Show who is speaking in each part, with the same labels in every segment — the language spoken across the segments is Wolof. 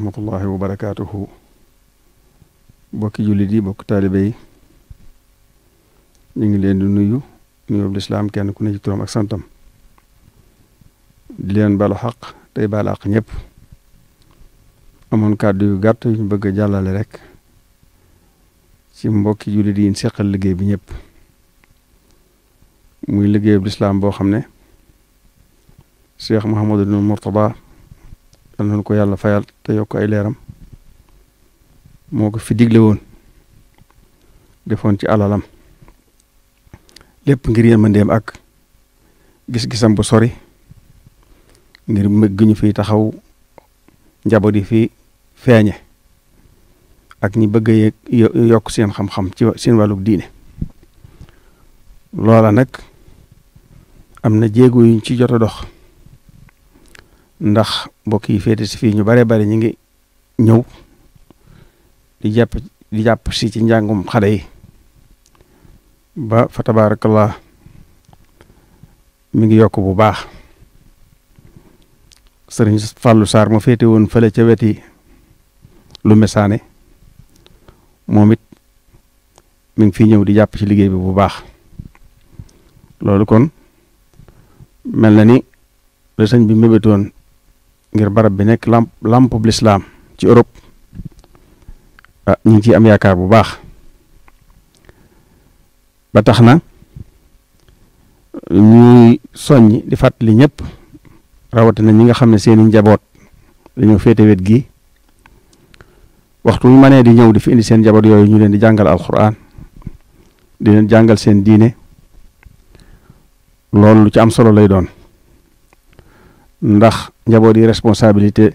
Speaker 1: rahmatullahi wa barakaatuhu bokki jullit yi bokk taalibe yi ñu ngi leen di nuyu nuyoob lislaam kenn ku ne ci turam ak santam di leen balu xaq tey balu xaq ñëpp amoon kàddu yu gàtt yu ñu bëgg a jàllale rek si mbokki jullit yi seqal liggéey bi ñëpp muy liggéeyub lislaam boo xam ne cheikh Mouhamadul Mourtada yal nañu ko yàlla fayal te yokk ay leeram moo ko fi digle woon defoon ci alalam lépp ngir yërmandeem ak gis-gisam bu sori ngir mëgg ñu fi taxaw njaboot yi fi feeñe ak ñi bëgg a yokk seen xam-xam ci seen wàllub diine loola nag am na jéego yuñ ci jot a dox ndax mbokk yi féete si fii ñu bare bari ñu ngi ñëw di jàpp di jàpp si ci njàngum xale yi ba fa tabaarakallah mi ngi yokk bu baax sëriñ Fallou Sarr mu féete woon fële ca weti lu mesaane moom it mi ngi fii ñëw di jàpp ci liggéey bi bu baax loolu kon mel na ni la sëñ bi mébétoon ngir barab bi nekk lamp lamp bu lislaam ci Europe ah ñu ngi ciy am yaakaar bu baax ba tax na ñuy soññ di fàttali ñëpp rawatina ñi nga xam ne seeni njaboot dañoo féete wet gi waxtu ma mënee di ñëw di fi indi seen njaboot yooyu ñu leen di jàngal alxuraan di leen jàngal seen diine loolu lu ci am solo lay doon. ndax njaboot yi responsabilité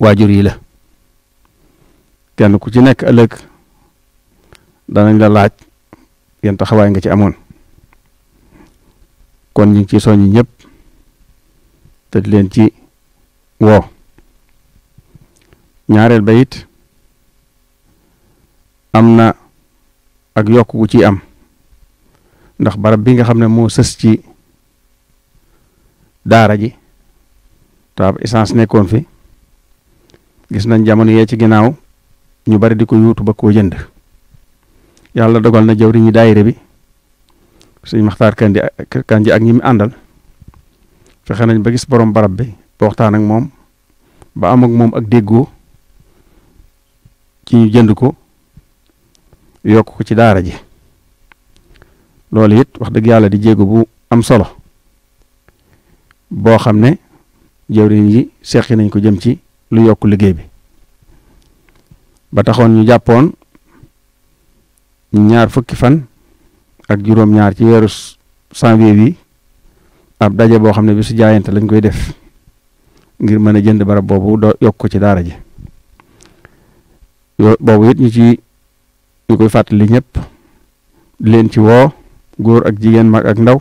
Speaker 1: waajur yi la kenn ku ci nekk ëllëg danañ la laaj yan taxawaay nga ci amoon kon ñu ngi ci soññi ñëpp te leen ci woo ñaareel ba am na ak yokk gu ciy am ndax barab bi nga xam ne moo sës ci daara ji tab essence nekkoon fi gis nañ jamono yee ci ginnaaw ñu bari di ko yuutu ba ko jënd yàlla dogal na jawriñu daayire bi suñ maxtaar kandi kanji ak ñi mu àndal fexe nañ ba gis boroom barab bi ba waxtaan ak moom ba am ak moom ak déggoo ci ñu jënd ko yokk ko ci daara ji loolu it wax dëgg yàlla di jéego bu am solo boo xam ne jëwriñ yi seqi nañ ko jëm ci lu yokk liggéey bi ba taxoon ñu jàppoon ñaar fukki fan ak juróom-ñaar ci weeru janvier bi ab daje boo xam ne bi su jaayante lañ koy def ngir mën a jënd barab boobu doo yokk ci daara ji boobu it ñu ci ñu koy fàttali ñëpp leen ci woo góor ak jigéen mag ak ndaw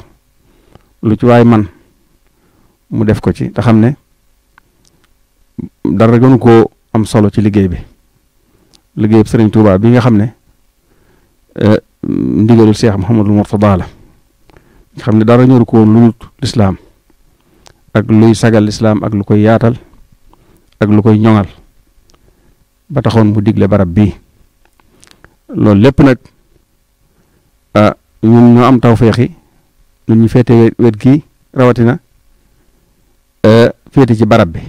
Speaker 1: lu ci waay man mu def ko ci te xam ne dara gënu koo am solo ci liggéey bi liggéey sëriñ Touba bi nga xam ne eh, ndigalul Cheikh Mouhamadul Mourtada la nga xam ne dara ñoru ko woon lu dul lislaam ak luy sagal lislaam ak lu koy yaatal ak lu koy ñoŋal ba taxoon mu digle barab bi loolu lépp nag ah, ñun ñoo am tawféexi ñun ñu féete wet gii rawatina Euh, féete ci barab bi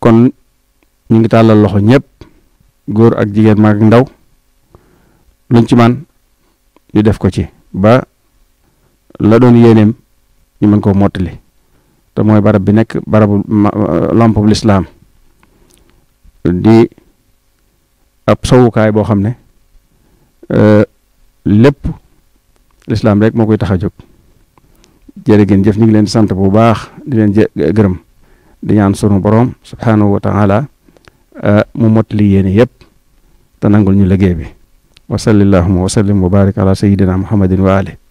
Speaker 1: kon ñu ngi tàllal loxo ñëpp góor ak jigéen maak ndaw luñ ci man ñu def ko ci ba la doon yéeneem ñu mën koo mottali te mooy barab bi nekk barabu euh, lampub lislaam di ab sowukaay boo xam ne euh, lépp lislaam rek moo koy tax a jóg jërë ngeen jëf ñu ngi leen di sant bu baax di leen gërëm di ñaan sunu borom subhanahu wa taala euh, mu mottali yéene yëpp te nangul ñu liggéey bi wa salli allahumma wa sallim wa barik ala sayyidina muhammadin wa ali